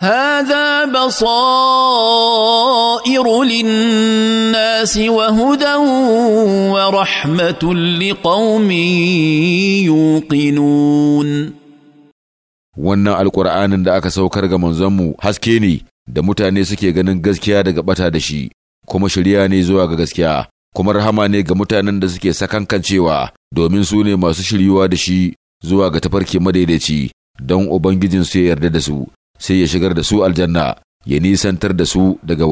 هذا بصائر للناس وهدى ورحمه لقوم يوقنون wannan alkur'anin da aka saukar ga manzonmu haske ne da mutane suke ganin gaskiya daga bata da shi kuma shirya ne zuwa ga gaskiya kuma rahama ne ga mutanen da suke sakankancewa domin su ne masu shiryuwa da shi zuwa ga tafarki madaidaici don ubangijinsu ya yarda da su sai ya shigar da su aljanna ya nisantar da su daga